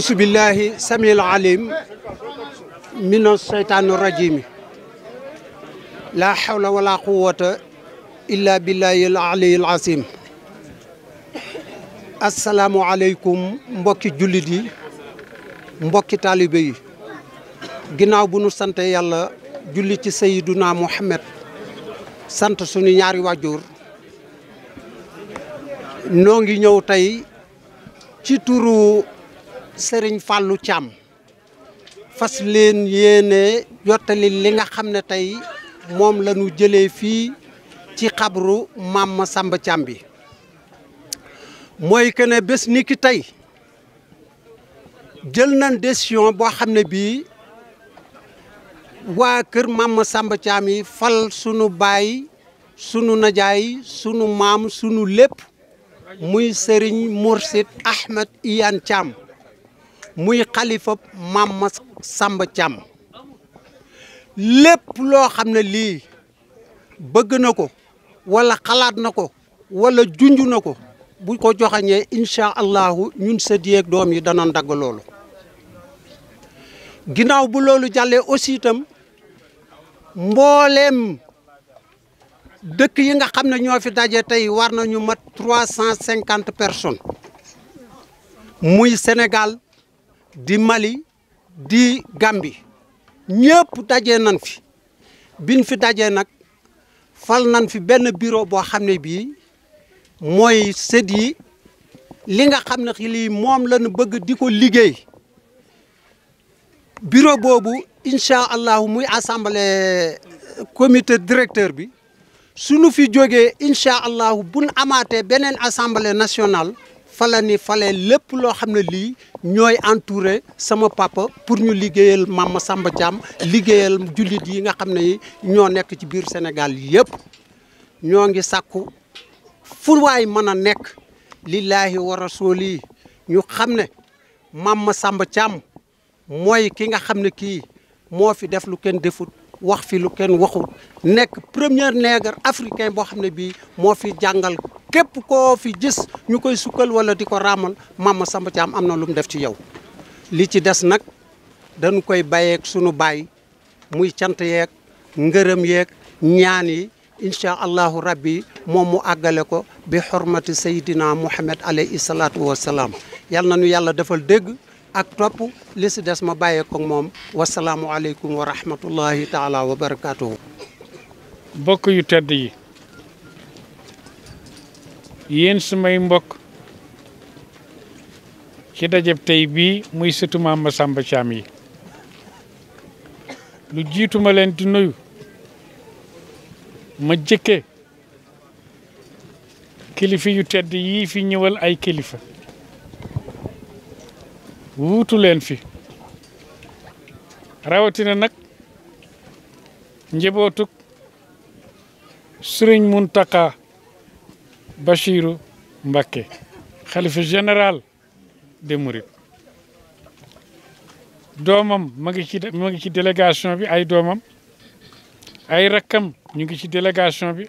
أعوذ بالله سميع العليم من الشيطان الرجيم لا حول ولا قوة إلا بالله العلي العظيم asalaamualeykum mbokki jullit yi mbokki taalibe yi ginnaaw bu nu sante yàlla julli ci sayiduna Muhammad sant sunu ñaari waajur noo ngi ñëw tey ci turu sëriñ Fallou Thiam fas leen yéene yottali li nga xam ne tey moom la ñu jëlee fii ci xabru Mame Samba Thiam bi mooy que ne bés ni tey jël na desiyon boo xam ne bii waa kër Mame Samba Thiam yi fal sunu baay sunu najaay sunu maam sunu lépp muy sëriñ Mourchid Ahmed Iyane Thiam muy xalifa maam ma Samba Thiam lépp loo xam ne lii bëgg na ko walla xalaat na ko wala junj na ko bu ko joxañee incha allahu ñun sët doom yi danoon dagg loolu ginnaaw bu loolu jàllee aussi itam mbooleem dëkk yi nga xam ne ñoo fi daje tey war nañu mat trois cinquante personnes muy Sénégal di Mali di Gambie ñëpp daje nan fi biñ fi dajee nag fal nan fi benn bureau boo xam ne bii mooy sët yi li nga xam ne lii moom lañu bëgg di ko liggéey bureau boobu incha allahu muy assemblée comité directeur bi suñu fi jógee incha allahu buñ amaatee beneen assemblée nationale fa ni fale lépp loo xam ne lii ñooy entouré sama papa pour ñu liggéeyal Mame Massamba Thiam liggéeyal jullit yi nga xam ne ñoo nekk ci biir Sénégal yëpp ñoo ngi sàkku fu waay mën a nekk lillaahi wa rasuli ñu xam ne Mame Massamba càmm mooy ki nga xam ne kii moo fi def lu kenn defut wax fi lu kenn waxut nekk premier nègre africain boo xam ne bii moo fi jàngal képp koo fi gis ñu koy sukkal wala di ko raamal Mame Samba ci am am na lu mu def ci yow li ci des nag dañu koy bàyyeek sunu baay muy cant yeeg ngërëm yeeg ñaan yi incha allahu rabbi moom mu àggale ko bi xormati seydina Muhammad alayhi salaatu wa salaam yal na nu yàlla defal dégg ak topp li si des ma bàyyee ko moom wasalaamualeykum aleykum rahmatullahi taala wa barakaatuhu. mbokk yu tedd yi. yéen sumay mbokk ci dajeb tey bii muy sëtu Maam Masamba Caam yi lu jiituma leen di nuyu ma jëkke kilifa yu tedd yii fi ñëwal ay kilifa wuutu leen fi rawatina nag njabootuk sëriñ Muntaxa Bachiru Mbacké xalifa général de Mourides doomam ma ngi ci ma ngi ci délégation bi ay doomam ay rakkam ñu ngi ci délégation bi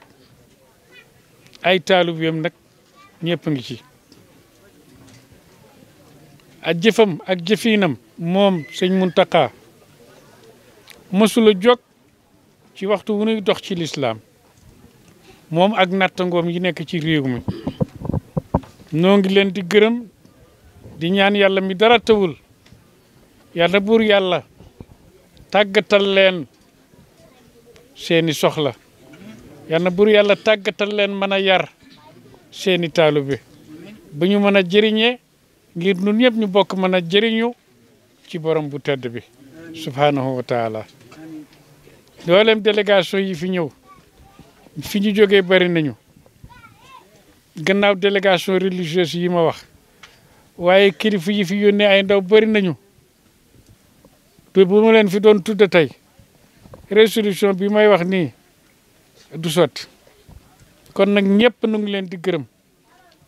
ay taalibeem nag ñëpp ngi ci ak jëfam ak jëfiinam moom sëñ Muntaqa mësula jog ci waxtu wu ñuy dox ci lislaam moom ak nattangoom yi nekk ci réew mi noo ngi leen di gërëm di ñaan yàlla mi dara tëwul yàlla buur yàlla tàggatal leen seeni soxla yàlla buur yàlla tàggatal leen mën a yar seeni bi ba ñu mën a jëriñee ngir nun ñëpp ñu bokk mën a jëriñu ci borom bu tedd bi subhaanahu wa dooleem délégation yi fi ñëw fi ñu jógee bari nañu gannaaw délégation religieuse yi ma wax waaye kilifa yi fi yónnee ay ndaw bari nañu te bu ma leen fi doon tudd tey résolution bi may wax nii du sot kon nag ñëpp nu ngi leen di gërëm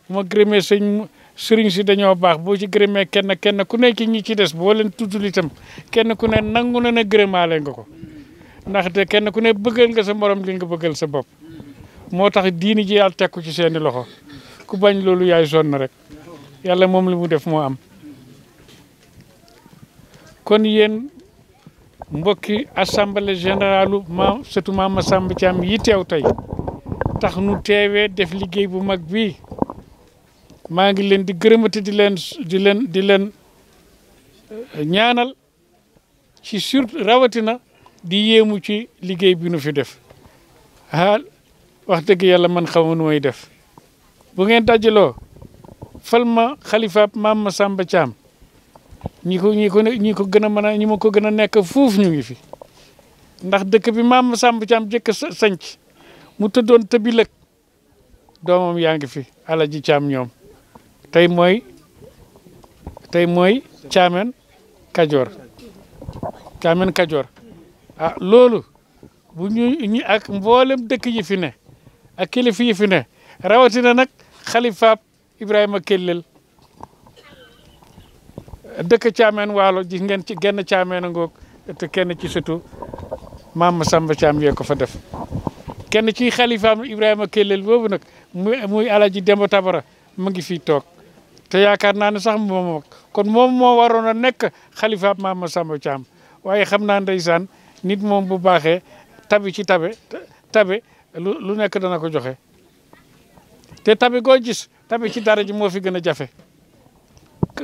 moo ma gërëmee sëñ sëriñ si dañoo baax boo ci gërëmee kenn kenn ku ne ci ñi des boo leen tuddul itam kenn ku ne nangu na ne gërëmaale nga ko. ndaxte kenn ku ne bëggal nga sa morom li nga bëggal sa bopp moo tax diini ji yàlla teg ci seeni loxo ku bañ loolu yaay sonn rek yàlla moom li mu def moo am kon yéen mbokki assemblée générale ma surtout Mame Massamba Thiam yi teew tey tax nu teewe def liggéey bu mag bii maa ngi leen di gërëmati di leen di leen di leen eh, ñaanal ci sur rawatina di yéemu ci liggéey bi nu fi def ah wax dëgg yàlla man xamu nu may def bu ngeen dajaloo fal ma xalifaab maam ma Samba Thiam ñi ko ñi ko ñi ko gën a mën a ñi ma ko gën a nekk fuuf ñu ngi fi ndax dëkk bi maam ma Samba Thiam jëkk sanc mu tëddoon tëbi lëg doomam yaa ngi fi alaji caam ñoom tey mooy tey mooy caamen kajoor caamen kajoor Ah, loolu bu ñuy ñi ak mboolem dëkk yi fi ne ak kilifa yi fi rawatina nag xalifaab Ibrahima Kellel dëkk Caameen Waalo gis ngeen ci genn Caameen a ngoog te kenn ci surtout maam Samba Caam yee ko fa def kenn ci xalifaam Ibrahima killel boobu nag muy muy Alaaji Demba Tabara mu ngi fii toog te yaakaar naa ne sax moom kon moom moo waroon a nekk xalifaab maam Samba Caam waaye xam naa ndeysaan nit moom bu baaxee tabi ci tabe tabe lu nekk dana ko joxe te tabi goo gis tabi ci dara ji moo fi gën a jafe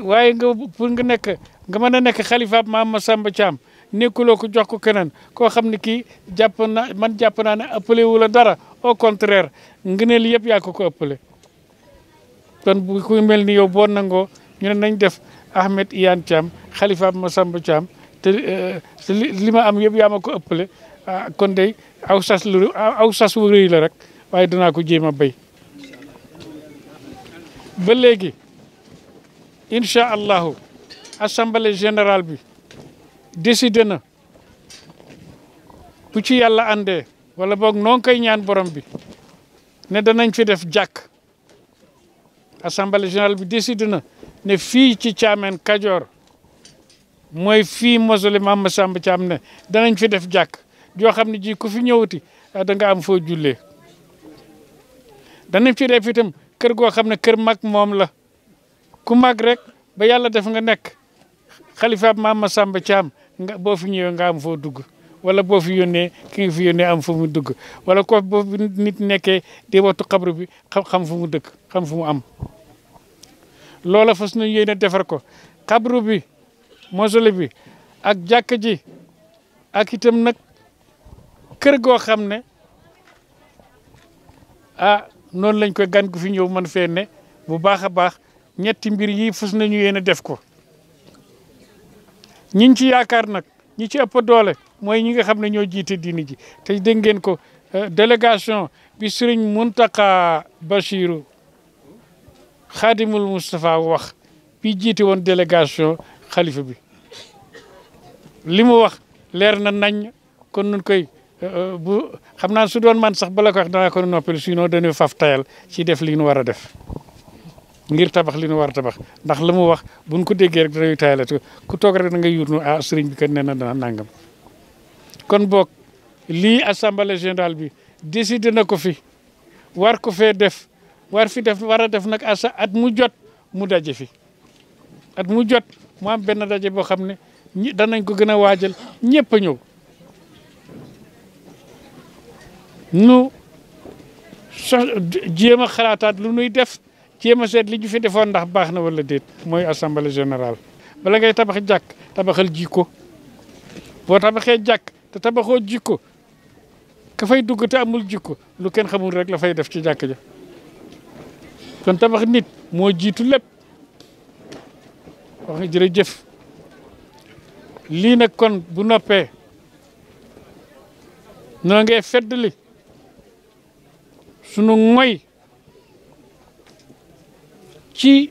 waaye nga pour nga nekk nga mën a nekk xalifaab maam Masamba Thiam nekkuloo ko jox ko keneen koo xam ne kii jàpp na man jàpp naa ne ëppale wu la dara au contraire ngëneel yëpp yaa ko ko ëppale kon bu ku mel ni yow boo nangoo ñu ne nañ def Ahmed Iyane Thiam xalifaab Masamba Thiam te eh, li ma am yëpp yaa ma ko ëppale ah, kon day aw sas lu aw sas wu rëy la rek waaye danaa ko jéem a béy ba léegi incha allahu assemblée générale bi décidé na bu ci yàlla àndee wala boog noo ngi koy ñaan borom bi ne danañ fi def jàkk assemblée générale bi décidé ne fii ci Thiamène Kajoor mooy fii mausolée Mame Massamba Thiam ne danañ fi def jàkk joo xam ne ji ko fi ñëwati ah, da nga am foo jullee danañ fi def itam kër goo xam ne kër mag moom la ku mag rek ba yàlla def nga nekk xalifaab Mame Massamba Thiam nga boo fi ñëwee nga am foo dugg wala boo fi yónnee ki nga fi yónnee am fu mu dugg wala ko boo nit nekkee di wattu xabru bi xam fu mu dëkk xam fu mu am loola fas nañ yéene defar ko xabru bi mosole bi ak jàkk ji ak itam nag kër goo xam ne ah noonu lañ koy gan gu fi ñëw man fee ne bu baax a baax ñetti mbir yi fës nañu yéen a def ko ñiñ ci yaakaar nag ñi ci ëpp doole mooy ñi nga xam ne ñoo jiite diini ji te dégg ngeen ko euh, délégation bi sëriñ Mountakha Bassirou Khadimul Moustapha wax bi jiite woon délégation xalifa bi li mu wax leer na nañ kon nun koy euh, euh, bu xam naa su doon man sax bala ko wax danaa ko noppal sinon dañuy faf tayal ci def li ñu war a def ngir tabax li ñu war a tabax ndax la mu wax buñ ko déggee rek dañuy tayalati ku toog rek da nga yuut nu ah sëriñ bi kat nee na dana nangam kon boog lii assemblée générale bi décidé na ko fi war ko fee def war fi def war a def nag asa at mu jot mu daje fi at mu jot mu am benn daje boo xam ne ñi danañ ko gën a waajal ñëpp a ñëw nu so jéem a xalaataat lu nuy def jéem a seet li ñu fi defoon ndax baax na wala déet mooy assemblée générale bala ngay tabax jàkk tabaxal jikko boo tabaxee jàkk te tabaxoo jikko ka fay dugg te amul jikko lu kenn xamul rek la fay def ci jàkk ja kon tabax nit moo jiitu lépp wax nga jërëjëf lii nag kon bu noppee noo ngay feddali sunu moy ci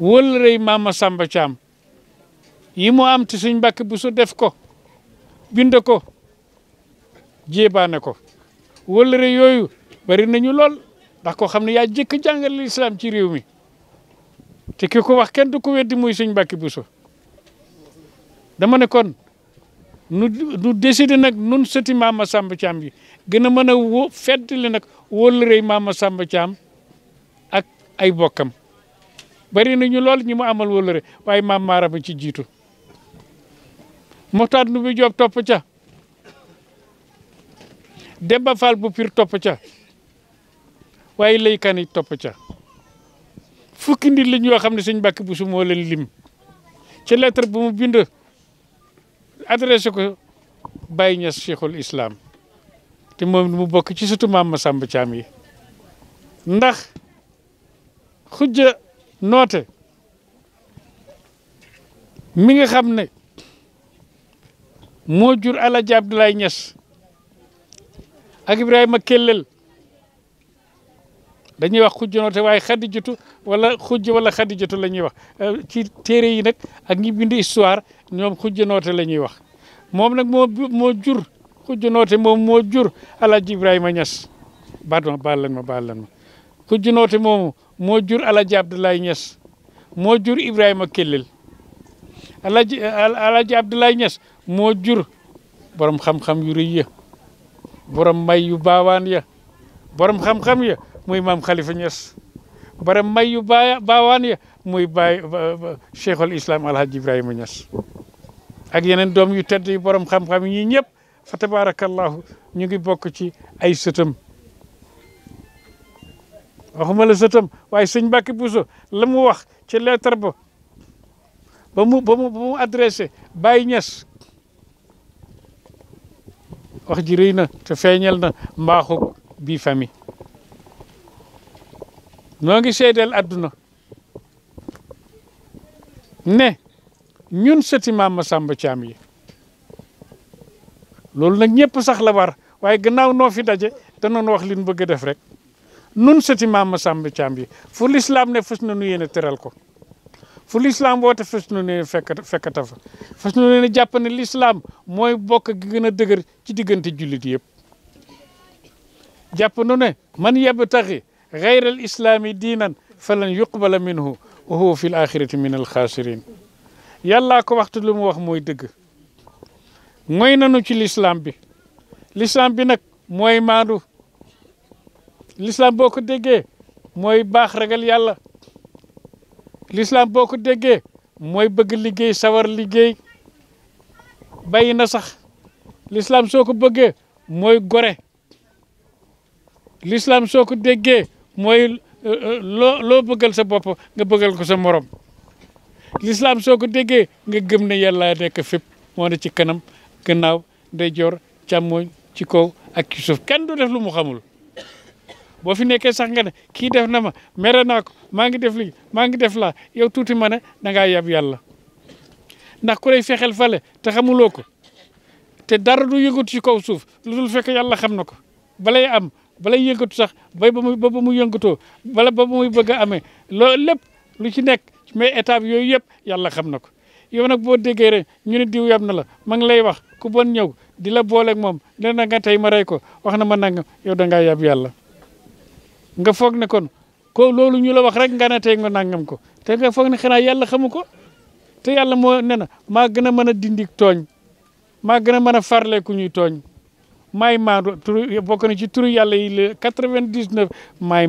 wëllërey maama Samba Thiam yi am ci suñ mbakk bu su def ko bind ko jébaane ko wëllëre yooyu bari nañu lool ndax koo xam ne yaa jëkk jàngale lislaam ci réew mi te ki ko wax kenn du ko weddi muy sëñ Mbàkke Buso dama ne kon nu nu décider nag nun sëti ma Samba Thiam bi gën a mën a wó feddali nag wóllërey Maama Samba Thiam ak ay bokkam bari nañu lool ñi mu amal wóllëre waaye maam maarama ci jiitu Moxtaar nu bi Joob topp ca Demba Fall bu Pire topp ca waaye laykan yi topp ca fukki nit lañ yoo xam ne sëñ Mbàkke Bousso moo leen lim ci bu mu bind adressé ko Baye Niass Cheikhul Islam te moom mu bokk ci surtout maam Masamba Thiam yi ndax xujja noote mi nga xam ne moo jur Alaaji Abdoulaye Niass ak Ibrahima Kellel dañuy wax xujj noote waaye xadijatu wala xujj wala xadijatu la ñuy wax euh, ci téere yi nag ak ñi bind histoire ñoom xujj noote la ñuy wax moom nag moo moo jur xujj noote moom moo jur alaaji Ibrahima Niass baat ma baal leen moo jur alaaji Abdoulaye Niass moo jur Ibrahima Kellel alaaji alaaji Abdoulaye Niass moo jur borom xam-xam yu rëy borom may yu baawaan ya borom xam-xam ya muy maam Khalifa Niass bara may yu baaya baawaan ya muy baay cheikhul islam alhaji Ibrahima Niass ak yeneen doom yu tedd yi borom xam-xam yi ñëpp fa tabarakallahu ñu ngi bokk ci ay sëtam waxuma la sëtam waaye sëñ Mbacke Bousso la wax ci lettre ba ba mu ba mu ba wax ji rëy na te feeñal na mbaaxu bii famille noo ngi seedeel adduna ne ñun sëti maam Masamba Caam yi loolu nag ñëpp sax la war waaye gannaaw noo fi daje danoon wax li bëgg a def rek nun sëti maam Masamba Caam yi fu lislaam ne fës na nu teral ko fu lislaam woote fës na nu yéene fekk fekkata fa fës na nu yéene lislaam mooy bokk gi gën a dëgër ci diggante jullit yëpp jàpp ne man yeb taxi غير الإسلام دينا فلن يقبل منه وهو في الآخرة من الخاسرين يلا كو وقت لم وخ موي دغ موي نانو سي الإسلام بي الإسلام بي نك موي ماندو l'islam boo ko déggee mooy baax ragal yàlla l'islam boo ko déggee mooy bëgg liggéey sawar liggéey bàyyi na sax l'islam soo ko bëggee mooy gore l'islam soo ko déggee mooy euh, euh, loo loo bëggal sa bopp nga bëggal ko sa morom lislaam soo ko déggee nga gëm na yàlla nekk fépp moo ne ci kanam gannaaw ndeyjoor càmmooñ ci kaw ak ci suuf kenn du def lu mu xamul boo fi nekkee sax nga ne kii def na ma mere naa ko maa ngi def li maa ngi def laa yow tuuti ma ne da ngaa yab yàlla ndax ku lay fexeel fale te xamuloo ko te dara du yëgut ci kaw suuf lu dul fekk yàlla xam na ko balay am bala yëngatu sax bay ba muy ba ba muy yëngatoo bala ba muy bëgg a amee loolu lépp lu ci nekk mais étape yooyu yëpp yàlla xam na ko yow nag boo déggee rek ñu ne diw yab na la ma ngi lay wax ku bon ñëw di la booleeg moom nee na nga tey ma rey ko wax na ma nangam yow da ngaa yab yàlla nga foog ne kon ko loolu ñu la wax rek nga ne tey nga nangam ko te nga foog ne xanaa yàlla xamu ko te yàlla moo ne na maa gën a mën a dindi tooñ maa gën a mën a farle ku ñuy tooñ maay maandu turu bokk na ci turu yàlla yi le quatre-vingt-dix-neuf maay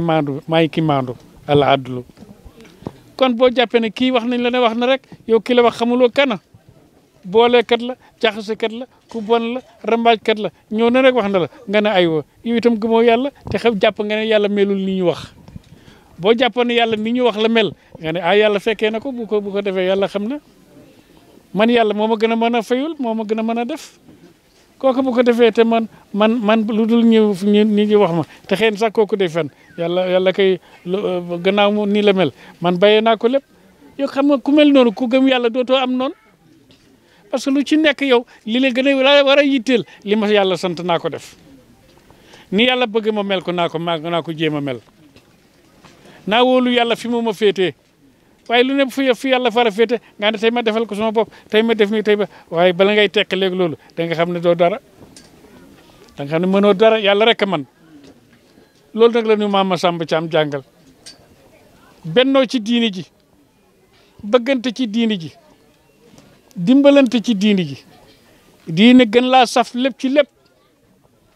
maay ki maandu ala addulu kon boo jàppee ne kii wax nañ la ne wax na rek yow ki la wax xamuloo kana booleekat la jaxasekat la ku bon la rambaajkat la ñëw na rek wax na la nga ne aywa yow itam gëmoo yàlla te xam jàpp nga ne yàlla melul ni ñu wax boo jàppoon ne yàlla ni ñu wax la mel nga ne ah yàlla fekkee na ko bu ko bu defee yàlla xam na man yàlla moo ma gën a mën a fayul moo ma gën a mën a def kooku bu ko defee te man man man lu dul ñu ñu nit ñi wax ma te xëy na sax kooku day fen yàlla yàlla kay euh, gannaaw mu nii la mel man bàyyee naa ko lépp yow xam nga ku mel noonu ku gëm yàlla dootoo am noonu parce que lu ci nekk yow li la gën a war a yitteel li ma yàlla sant naa ko def ni yàlla bëgg ma mel ko naa ko maa naa ko jéem a mel naa wóolu yàlla fi mu ma féetee waaye lu ne fu fu yàlla fara féete nga ne tey ma defal ko sama bopp tey ma def nii tey waaye bala ngay tekk léegi loolu da nga xam ne doo dara da xam ne mënoo dara yàlla rek a man loolu nag la ñu maam Masamba Thiam jàngal bennoo ci diini ji bëggante ci diini ji dimbalant ci diini ji diine gën laa saf lépp ci lépp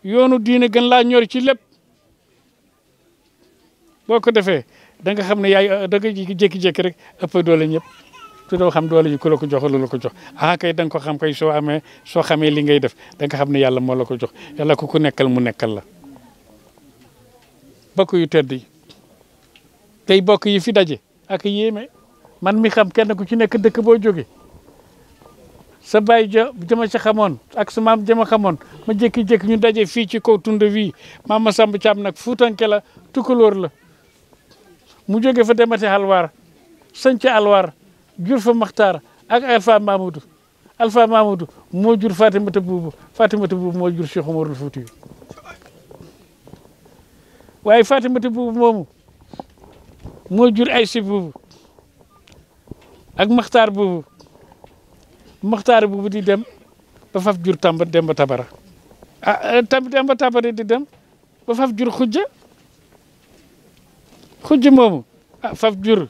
yoonu diine gën laa ñor ci lépp boo ko defee da nga xam ne yaay da nga jékki-jékki rek ëpp doole ñëpp te doo xam doole ji ku la ko jox lu la ko jox ah kay da ko xam kay soo amee soo xamee li ngay def danga xam ne yàlla moo la ko jox yàlla ku ko nekkal mu nekkal la bokk yu tedd yi tey bokk yi fi daje ak yéeme man mi xam kenn ku ci nekk dëkk boo jóge sa baay ja jama ci xamoon ak sa maam jama xamoon ma jékki-jékki ñu daje fii ci kaw tund wii maam Masamba Thiam nag fuutanke la tukulóor la mu jóge fa demati alwaar sanc alwaar jur fa maxtaar ak alfa mamadou alfa mamadou moo jur fatimata buubu fatimata buubu moo jur cheikh omarul fuuti waaye fatimata buubu moomu moo jur ay si buubu ak maxtaar buubu maxtaar buubu di dem ba faf jur tamba demba tabara ah, eh, di dem ba faf jur xujja xujj moomu ah faf jur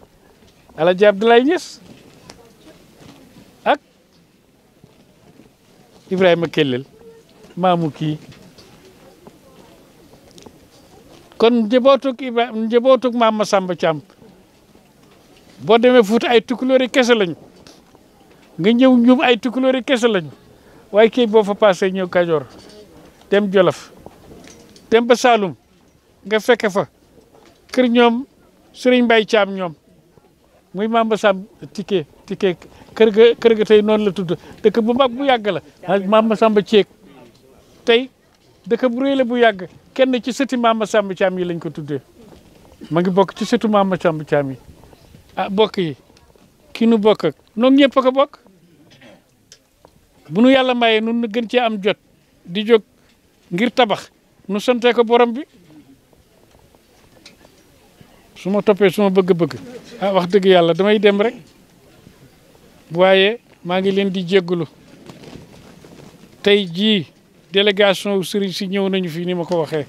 Alaaji Abdoulaye Niass ak Ibrahima Kellel maamu kii kon njabootug Ibrahima njabootug maam Masamba Thiam boo demee Fuuta ay tukulóori kese lañu nga ñëw ñum ay tukulóori kese lañu waaye kii boo fa paasee ñëw Kajoor dem Jolof dem ba Saalum nga fekke fa kër ñoom Serigne Mbaye Thiam ñoom muy Mamba Samb Tické Tické kër ga kër ga tey noonu la tudd dëkk bu mag bu yàgg la Mamba Samb Thièque tey dëkk bu rëy la bu yàgg kenn ci sëti Mamba Samb Thiam yi lañ ko tudde ma ngi bokk ci sëtu Mamba Samb Thiam yi ah bokk yi ki nu bokk ak ñëpp a ko bokk bu nu yàlla mayee nun nu gën cee am jot di jog ngir tabax nu sante borom bi suma ma toppee su bëgg-bëgg ah, wax dëgg yàlla damay dem rek waaye maa ngi leen di jéggulu tey jii délégation wu sëriñ si ñëw nañu fii ni ma ko waxee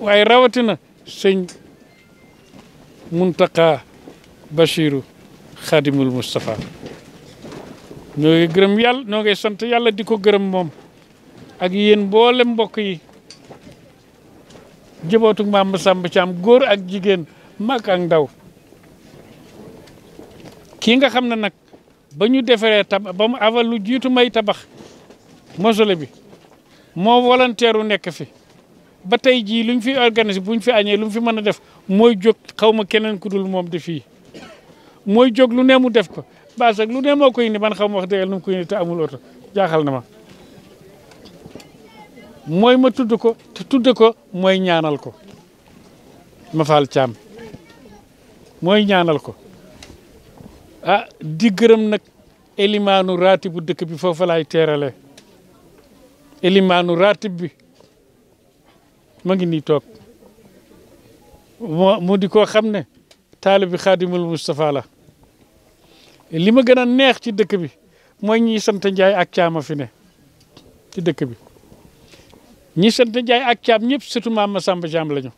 waaye rawatina sëñ Muntaqa Bachiru Xadimul Moustapha ñoo ngi gërëm yàlla noo ngi sant yàlla di ko gërëm moom ak yéen mboolem mbokk yi jëbootu maam Samba Thiam góor ak jigéen mag ak ndaw kii nga xam ne nag ba ñu defaree tabax ba mu aval lu jiitu may tabax mosole bi moo volontaire nekk fi ba tey jii luñ fi organiser buñ fi añee luñ fi mën a def mooy jóg xawma keneen ku dul moom di fii mooy jóg lu ne mu def ko baas lu ne moo koy ni man xaw ma wax dëgg nu mu koy ni te amul jaaxal na ma mooy ma tudd ko te tudd ko mooy ñaanal ko ma faal caam mooy ñaanal ko ah di gërëm nag elimaanu ratib bu dëkk bi foofa laay teerale elimaanu ratib bi ma ngi nii toog mu di ko xam ne taalibi xaadimul Moustapha la li ma gën a neex ci dëkk bi mooy ñi sant Njaay ak caama fi ne ci dëkk bi ñi sant Njaay ak caam ñëpp surtout maam Masamba Caam lañu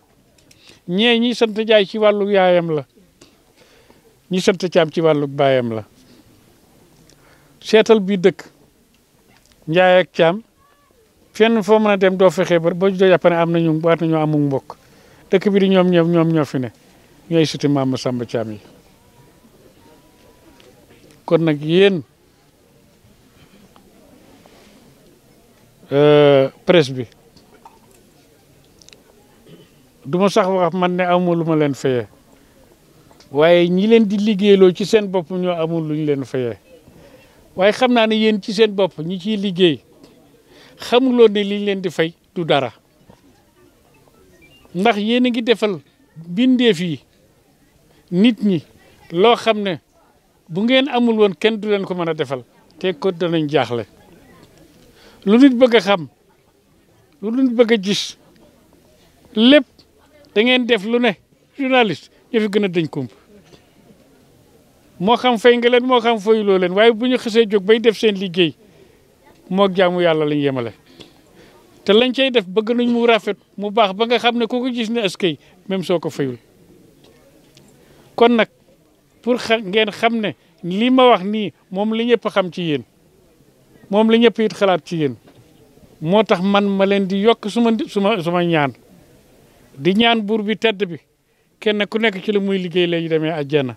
ñee ñi sant Njaay ci wàllu yaayam la ñi sant caam ci wàllu baayam la seetal bii dëkk njaay ak caam fenn foo mën a dem doo fexe ba ba doo jàpp ne am nañu waat nañu amug mbokk dëkk bi di ñoom ñoom ñoom ñoo fi ne ñooy suti maam Samba Thiam yi kon nag yéen euh, presse bi du ma sax wax man ne amu lu ma leen fayee waaye ñi leen di liggéeyloo ci seen bopp ñoo amul lu ñu leen fayee waaye xam naa ne yéen ci seen bopp ñi ciy liggéey xamuloo ne liñ leen di fay du dara ndax yéen a ngi defal bindeef yi nit ñi loo xam ne bu ngeen amul woon kenn du leen ko mën a defal te ko danañ jaaxle lu nit bëgg a xam lu nit bëgg a gis lépp da ngeen def lu ne journaliste ñu fi gën a deñ kump moo xam fay nga leen moo xam fayuloo leen waaye bu ñu xasee jóg bay def seen liggéey moog jaamu yàlla lañ yemale. te lañ cay def bëgg nañ mu rafet mu baax ba nga xam ne ku ko gis ne askay même soo ko fayul kon nag pour ngeen xam ne lii ma wax nii moom li ñëpp xam ci yéen moom la ñëpp it xalaat ci yéen moo tax man ma leen di yokk suma suma suma ñaan di ñaan buur bi tedd bi kenn ku nekk ci la muy liggéey la ñu demee àjjana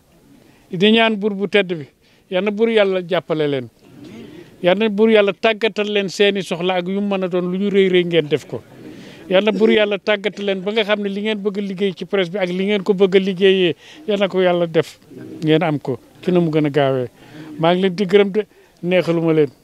di ñaan bur bu tedd bi yan na bur yàlla jàppale leen yal na bur yàlla tàggatal leen seeni soxla ak yu mu mën a doon lu ñu rëy rëy ngeen def ko yan na bur yàlla tàggatal leen ba nga xam ne li ngeen bëgg liggéey ci presse bi ak li ngeen ko bëgg a liggéeyee yal na ko yàlla def ngeen am ko ci na mu gën a gaawee maa ngi leen di gërëm de neexaluma leen